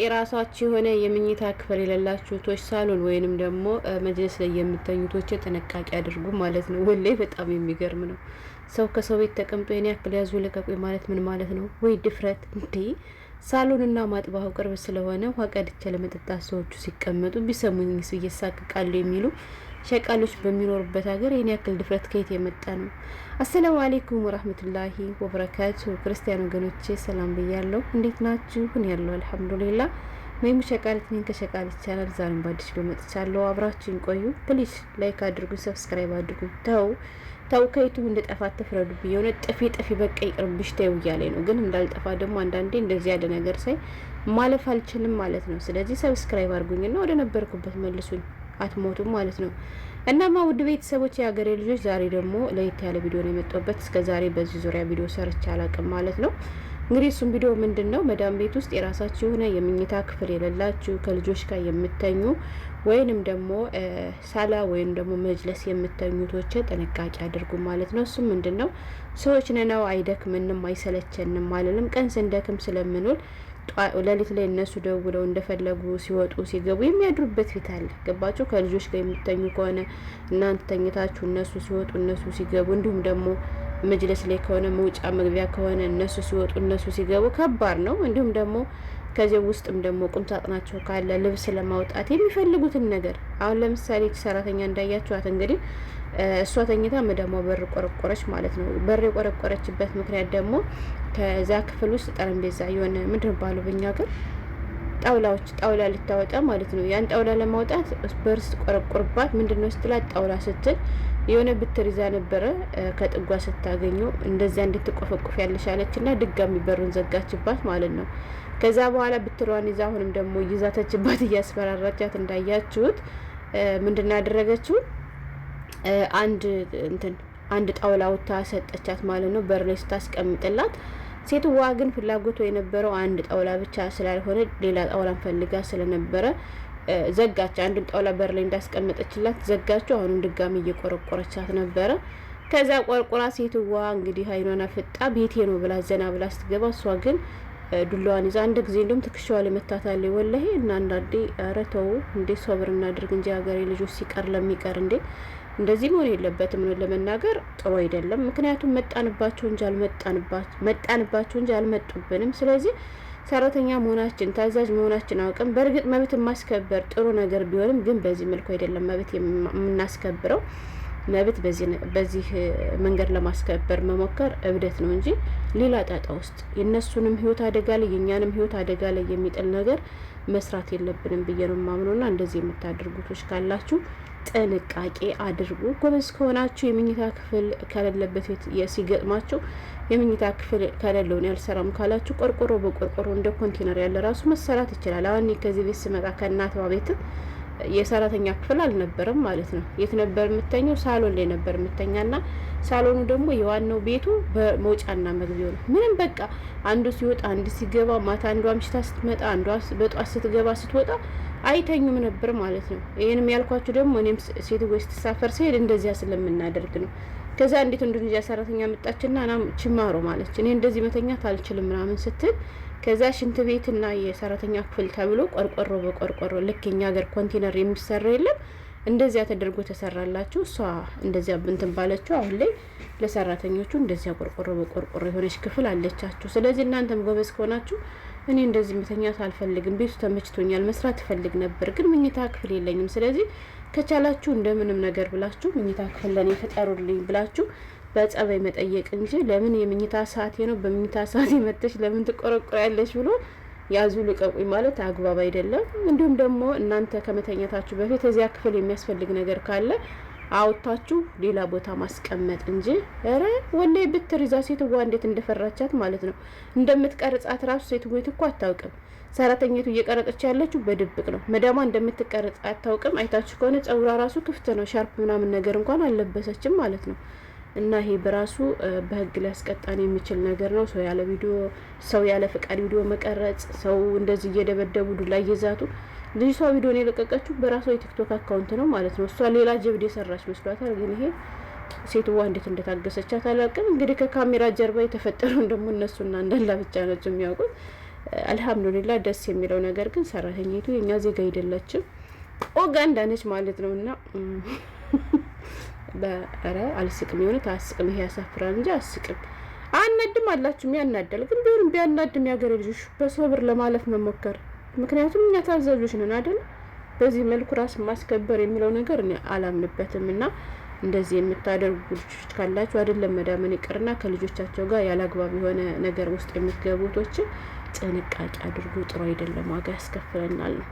የራሳችሁ የሆነ የምኝታ ክፍል የሌላችሁ ቶች ሳሎን ወይንም ደግሞ መጅለስ ላይ ቶች ጥንቃቄ አድርጉ ማለት ነው። ወላይ በጣም የሚገርም ነው። ሰው ከሰው ቤት ተቀምጦ የኔ ያክል ያዙ ልቀቁ ማለት ምን ማለት ነው? ወይ ድፍረት እንዴ! ሳሎንና ማጥባሁ ቅርብ ስለሆነ ውሃ ቀድቼ ለመጠጣት ሰዎቹ ሲቀመጡ ቢሰሙኝ እየሳቅቃሉ የሚሉ ሸቃሎች በሚኖርበት ሀገር ይህን ያክል ድፍረት ከየት የመጣ ነው? አሰላሙ አሌይኩም ወራህመቱላሂ ወበረካቱ። ክርስቲያን ወገኖቼ ሰላም ብያለሁ። እንዴት ናችሁ? ሁን ያለሁ አልሐምዱሊላ። ወይም ሸቃሊት ነኝ ከሸቃሊት ቻናል ዛሬም በአዲስ ቪዲዮ መጥቻለሁ። አብራችሁን ቆዩ ፕሊስ ላይክ አድርጉኝ፣ ሰብስክራይብ አድርጉኝ። ተው ተው ከዩቱብ እንደጠፋት ተፍረዱብኝ። የሆነ ጥፊ ጥፊ በቃ ይቅርብሽ ተይው እያለኝ ነው። ግን እንዳልጠፋ ደግሞ አንዳንዴ እንደዚህ ያለ ነገር ሳይ ማለፍ አልችልም ማለት ነው። ስለዚህ ሰብስክራይብ አድርጉኝና ወደ ነበርኩበት መልሱኝ። አትሞቱም ማለት ነው። እናማ ውድ ቤተሰቦች የሀገሬ ልጆች ዛሬ ደግሞ ለየት ያለ ቪዲዮ ነው የመጣሁበት። እስከ ዛሬ በዚህ ዙሪያ ቪዲዮ ሰርቼ አላቅም ማለት ነው። እንግዲህ እሱም ቪዲዮ ምንድን ነው? መዳም ቤት ውስጥ የራሳችሁ የሆነ የምኝታ ክፍል የሌላችሁ ከልጆች ጋር የምተኙ ወይንም ደግሞ ሳላ ወይም ደግሞ መጅለስ የምተኙቶች ጥንቃቄ አድርጉ ማለት ነው። እሱም ምንድን ነው? ሰዎች ነን፣ አይደክምንም፣ አይሰለቸንም አለንም ቀን ስንደክም ስለምንውል ለሊት ላይ እነሱ ደውለው እንደፈለጉ ሲወጡ ሲገቡ የሚያድሩበት ቤት አለ። ገባችሁ? ከልጆች ጋር የምትተኙ ከሆነ እናንተ ተኝታችሁ እነሱ ሲወጡ እነሱ ሲገቡ፣ እንዲሁም ደግሞ መጅለስ ላይ ከሆነ መውጫ መግቢያ ከሆነ እነሱ ሲወጡ እነሱ ሲገቡ ከባድ ነው። እንዲሁም ደግሞ ከዚህ ውስጥም ደግሞ ቁምሳጥናቸው ካለ ልብስ ለማውጣት የሚፈልጉትን ነገር አሁን ለምሳሌ ሰራተኛ እንዳያችኋት እንግዲህ እሷ ተኝታ መዳሟ በር ቆረቆረች ማለት ነው። በር የቆረቆረችበት ምክንያት ደግሞ ከዛ ክፍል ውስጥ ጠረጴዛ የሆነ ምድር ባሉ ግን ጣውላዎች ጣውላ ልታወጣ ማለት ነው። ያን ጣውላ ለማውጣት በርስ ቆረቆርባት ምንድን ስትላት ጣውላ ስትል የሆነ ብትር ይዛ ነበረ ከጥጓ ስታገኙ እንደዚያ እንድትቆፈቁፍ ያለሽ አለች እና ድጋሚ በሩን ዘጋችባት ማለት ነው። ከዛ በኋላ ብትሯን ይዛ አሁንም ደግሞ እይዛተችባት እያስፈራራቻት እንዳያችሁት ምንድን ያደረገችው አንድ እንትን አንድ ጣውላ ውታ ሰጠቻት ማለት ነው። በር ላይ ስታስቀምጥላት ሴትዋ ግን ፍላጎቱ የነበረው አንድ ጣውላ ብቻ ስላልሆነ ሌላ ጣውላን ፈልጋ ስለነበረ ዘጋች። አንዱን ጣውላ በር ላይ እንዳስቀመጠችላት ዘጋችው። አሁኑን ድጋሚ እየቆረቆረቻት ነበረ። ከዛ ቆርቆራ ሴትዋ እንግዲህ አይኗና ፍጣ ቤቴ ነው ብላ ዘና ብላ ስትገባ እሷ ግን ዱላዋን ይዛ አንድ ጊዜ እንዲሁም ትከሻዋ ለመታታል መታታል። እና አንዳንዴ ኧረ ተው እንዴ ሶብር እናድርግ እንጂ ሀገሬ ልጆች ሲቀር ለሚቀር እንዴ እንደዚህ መሆን የለበትም። ምን ለመናገር ጥሩ አይደለም። ምክንያቱም መጣንባቸው እንጂ መጣንባቸው እንጂ አልመጡብንም። ስለዚህ ሰራተኛ መሆናችን ታዛዥ መሆናችን አውቀን በእርግጥ መብት የማስከበር ጥሩ ነገር ቢሆንም ግን በዚህ መልኩ አይደለም መብት የምናስከብረው። መብት በዚህ መንገድ ለማስከበር መሞከር እብደት ነው እንጂ ሌላ ጣጣ ውስጥ የእነሱንም ህይወት አደጋ ላይ የእኛንም ህይወት አደጋ ላይ የሚጥል ነገር መስራት የለብንም ብዬ ነው ና እንደዚህ የምታደርጉቶች ካላችሁ ጥንቃቄ አድርጉ። ጎበዝ ከሆናችሁ የመኝታ ክፍል ከሌለበት ሲገጥማችሁ የመኝታ ክፍል ከሌለውን ያልሰራም ካላችሁ ቆርቆሮ በቆርቆሮ እንደ ኮንቴነር ያለ ራሱ መሰራት ይችላል። አሁን ከዚህ ቤት ስመጣ ከእናትዋ ቤትም የሰራተኛ ክፍል አልነበረም ማለት ነው። የት ነበር የምተኘው? ሳሎን ላይ ነበር የምተኛ ና ሳሎኑ ደግሞ የዋናው ቤቱ በመውጫና መግቢያው ነው። ምንም በቃ አንዱ ሲወጣ አንድ ሲገባ፣ ማታ አንዷ አምሽታ ስትመጣ አንዷ በጧት ስትገባ ስትወጣ አይተኙም ነበር ማለት ነው። ይህንም ያልኳችሁ ደግሞ እኔም ሴትዮ ስትሳፈር ስሄድ እንደዚያ ስለምናደርግ ነው። ከዛ እንዴት ወንድ ልጅ ሰራተኛ መጣችና ና ችማሮ ማለች እኔ እንደዚህ መተኛት አልችልም ምናምን ስትል ከዛ ሽንት ቤትና የሰራተኛ ክፍል ተብሎ ቆርቆሮ በቆርቆሮ ልክ የኛ ሀገር ኮንቴነር የሚሰራ የለም እንደዚያ ተደርጎ ተሰራላችሁ። እሷ እንደዚያ ብንትን ባለችው አሁን ላይ ለሰራተኞቹ እንደዚያ ቆርቆሮ በቆርቆሮ የሆነች ክፍል አለቻችሁ። ስለዚህ እናንተም ጎበዝ ከሆናችሁ እኔ እንደዚህ መተኛት አልፈልግም፣ ቤቱ ተመችቶኛል፣ መስራት እፈልግ ነበር፣ ግን ምኝታ ክፍል የለኝም። ስለዚህ ከቻላችሁ እንደምንም ነገር ብላችሁ ምኝታ ክፍል ለእኔ ፍጠሩልኝ ብላችሁ በጸባይ መጠየቅ እንጂ ለምን የምኝታ ሰዓቴ ነው በምኝታ ሰዓቴ መጥተሽ ለምን ትቆረቁረ ያለሽ ብሎ ያዙ ልቀቁኝ ማለት አግባብ አይደለም። እንዲሁም ደግሞ እናንተ ከመተኛታችሁ በፊት እዚያ ክፍል የሚያስፈልግ ነገር ካለ አውጥታችሁ ሌላ ቦታ ማስቀመጥ እንጂ ረ ወላይ ብትር ይዛ ሴትዋ እንዴት እንደፈራቻት ማለት ነው። እንደምትቀርጻት ራሱ ሴትቤት እኮ አታውቅም። ሰራተኛቱ እየቀረጠች ያለችው በድብቅ ነው። መዳማ እንደምትቀርጽ አታውቅም። አይታችሁ ከሆነ ጸጉሯ ራሱ ክፍት ነው። ሻርፕ ምናምን ነገር እንኳን አልለበሰችም ማለት ነው። እና ይሄ በራሱ በህግ ሊያስቀጣን የሚችል ነገር ነው። ሰው ያለ ቪዲዮ ሰው ያለ ፍቃድ ቪዲዮ መቀረጽ፣ ሰው እንደዚህ እየደበደቡ ዱላ እየዛቱ ልጅቷ ቪዲዮን የለቀቀችው በራሷ የቲክቶክ አካውንት ነው ማለት ነው። እሷ ሌላ ጀብድ የሰራች መስሏታል። ግን ይሄ ሴትዋ እንዴት እንደታገሰቻት አላውቅም። እንግዲህ ከካሜራ ጀርባ የተፈጠረውን ደግሞ እነሱና እንዳላ ብቻ ናቸው የሚያውቁት። አልሐምዱሊላ ደስ የሚለው ነገር ግን ሰራተኛቱ የእኛ ዜጋ አይደለችም፣ ኡጋንዳ ነች ማለት ነው እና በረ አልስቅም፣ የሆነ አስቅም፣ ይሄ ያሳፍራል እንጂ አስቅም። አናድም አላችሁም፣ ያናዳል። ግን ቢሆንም ቢያናድም የአገሬ ልጆች በሶብር ለማለፍ መሞከር፣ ምክንያቱም እኛ ታዛዦች ነን አይደል? በዚህ መልኩ ራስ ማስከበር የሚለው ነገር እኔ አላምንበትም እና እንደዚህ የምታደርጉ ልጆች ካላችሁ አይደለም መዳመን ይቅርና ከልጆቻቸው ጋር ያላግባብ የሆነ ነገር ውስጥ የምትገቡቶችን ጥንቃቄ አድርጉ። ጥሩ አይደለም፣ ዋጋ ያስከፍለናል ነው